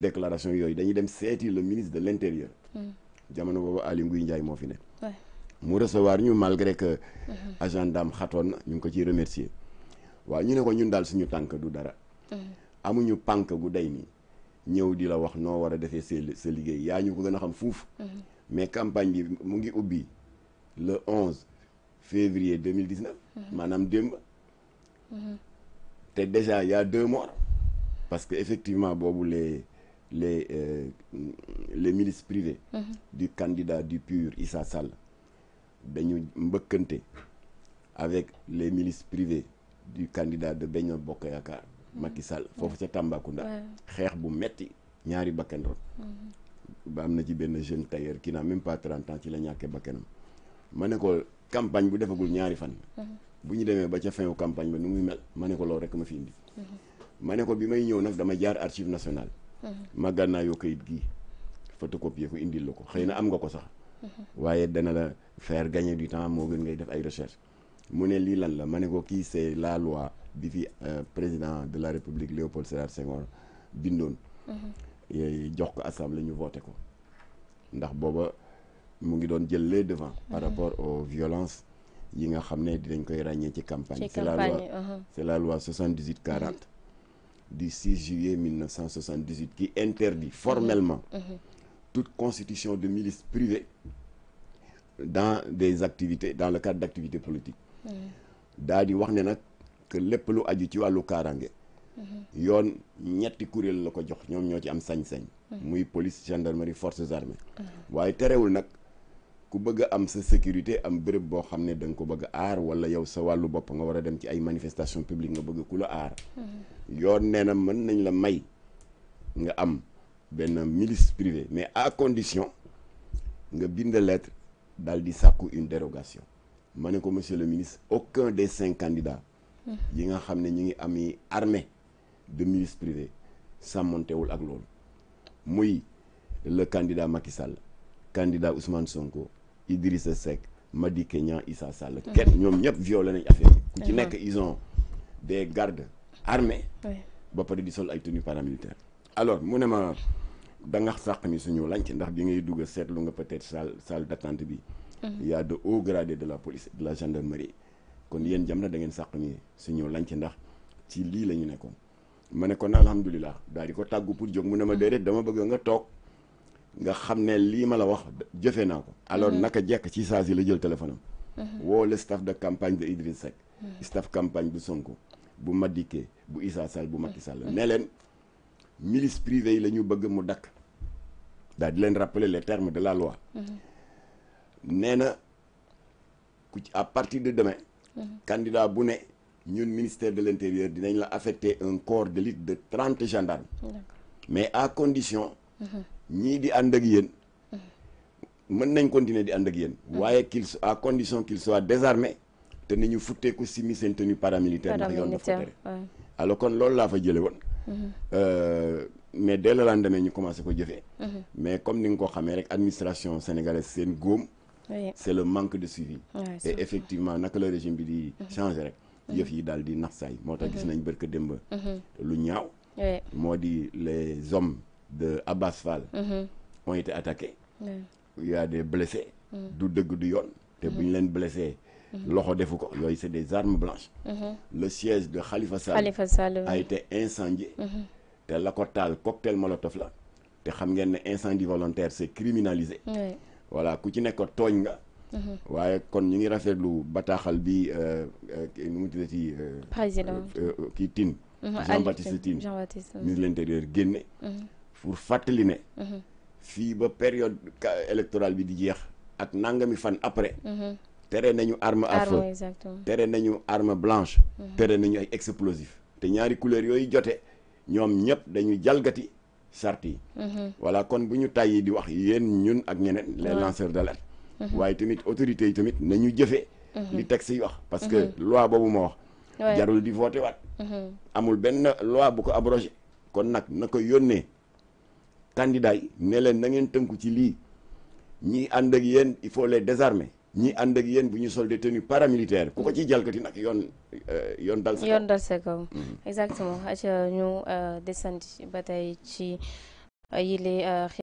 déclaration yoy dañuy dem seeti le ministre de l'intérieur intérieur. Hmm. jamono bobu Aly Ngouille Ndiaye moo fi ne. mu recevoir ñu malgré que. Hmm. agenda am xatoon ñu ko ci remercier. wa ñu né ko ñun dal suñu tank du dara. Hmm. amuñu pànk gu day nii ñew di la wax no wara défé defee sa liguey liggéey ñu ko gëna a xam fuuf. mais campagne bi mu ngi ubbi le 11 février 2019. maanaam démb. té déjà il y a deux morts parce que effectivement bobu les. Euh, les, milices privées mhm. du candidat du PUR, Issa Sall, avec les milices privées du candidat de Benno Bokk mhm. Macky Sall metti ñaari mhm. ba il jeune tailleur qui n'a même pas 30 ans il la ñàkkee bakkanam ma ko campagne bu ñaari fan bu ñu ba ca campagne ba muy mel ko rek ma fi indi màggaan naa yoo kayit gii photocopier ko indil la ko xëy na am nga ko sax waaye dana la faire gagner du temps moo gën ngay def ay recherche mu ne lii lan la ma ne ko kii c'est la loi bi fi euh, président de la république Léopold Sédar Senghor bindoon mm-hmm. jox ko assemblée ñu voté ko ndax booba mu ngi doon jël les devants par mm-hmm. rapport aux violences yi nga xam ne di dinañ koy ràññee ci campagne uh-huh. c'est la loi c'est la loi 78 40 du 6 juillet 1978 qui interdit formellement mm-hmm. Mm-hmm. toute constitution de milices privées dans des activités dans le cadre d'activités politiques. Mm-hmm. daa di wax que lepp lu aju ci wàllu kaaraange. yoon ñetti kuréel la ko jox ñom ñoo ci am sañ-sañ. muy police gendarmerie forces armées. waaye téréwul nak ku bëgg am sa sécurité am béréb boo xam ne da ko bëgg a aar wala yow sa wàllu bopp nga war a dem ci ay manifestation publique nga bëgg ku la aar mm-hmm. yoon nee na mën nañ la may nga am benn milice privée mais à condition nga bind lettre daal di sàkku une dérogation ma ne ko monsieur le ministre aucun des cinq candidats mm-hmm. yi nga xam ne ñu ngi ami armée de milice privée sàmmontewul ak loolu muy le candidat Macky Sall candidat Ousmane Sonko Idrissa Seck Madické Niang Issa Sall kenn ñoom ñëpp violé nañ affaire bi ku ci nekk ils ont des gardes armés ba pare di sol ay tenues paramilitaires alors mu ne ma da nga sàq ni suñu lanc ndax bi ngay dugg seetlu nga peut-être salle salle d'attente bi mm-hmm. Il y a de hauts gradés de la police de la gendarmerie kon yéen jam na da ngeen sàq ni suñu lanc ndax ci lii la ñu nekkoon ma ne kon alhamdulilah daal di ko tàggu pour jóg mu ne ma mm-hmm. déedéet dama bëgg nga toog nga xamné ne mala la wax je naa ko alors mhm. naka jekk ci saa la jël téléphone am mhm. le staff de campagne de Idriss Seck mhm. staff campagne du Sonko bu Madiké bu Issa Sall bu Macky Sall né len milice privée yi ñu bëgg mu dak daal di len rappeler les termes de la loi nee ku à partir de demain candidat bu né ñun ministère de l'intérieur dinañ la affecter un corps de lutte de 30 gendarmes mais à condition ni di ànd ak yéen mm-hmm. mën nañ continuer di ànd ak yéen mm-hmm. qu'il à condition qu'il soit désarmé te ni ñu ko simi seen tenue paramilitaire ndax yoon dafa tere alors kon lool la fa won mm-hmm. euh mais dès le lendemain ñu commencé ko jëfé mais comme ni nga ko xamé rek administration sénégalaise sen gomme, c'est le manque de suivi et effectivement nak le régime bi di changer rek yëf yi dal di nax saay moo gis nañ bërka demba lu ñaaw modi les hommes de Abbas Fall mhm. ont été attaqués. Il y a des blessés. Mhm. du dëgg du yoon. te mhm. bu ñu blessé. loxo c'est des armes blanches. le siège de Khalifa Sall. Khalifa a été incendié. te la ko taal cocktail molotov la. te xam ngeen incendie volontaire c'est criminalisé. voilà ku ci nekk tooñ nga. waaye kon ñu ngi rafetlu bataaxal bi euh, euh, nu mu tuddati. Euh, président kii Tine. Jean Baptiste Tine ministre de l'intérieur génne pour fateline ne. Mhm. fii ba période électorale bi di jeex ak nangami fan après. Mhm. tere nañu arme à feu tere nañu arme blanche. Mhm. tere nañu ay explosif té ñaari couleur yoy jote ñom ñep dañu jalgati sart yi. voilà kon buñu tayi di wax y'en ñun ak ñeneen. les lanceurs d'alerte. waaye tamit autorité, tamit nañu jëfé li texte wax parce que loi bobu mo wax. jarul di voté waat. amul benn loi bu ko abrogé kon nak nako yonne candidat yi ne leen na ngeen tënku ci lii ñi ànd ak yéen il faut les désarmer ñi ànd ak yéen bu ñu sol des tenues paramilitaires ku ko ciy jalkati nag yoon yoon euh, dal yoon dal sa kaw mm-hmm. exactement aca ñu euh, desandi ba tey ci euh, yile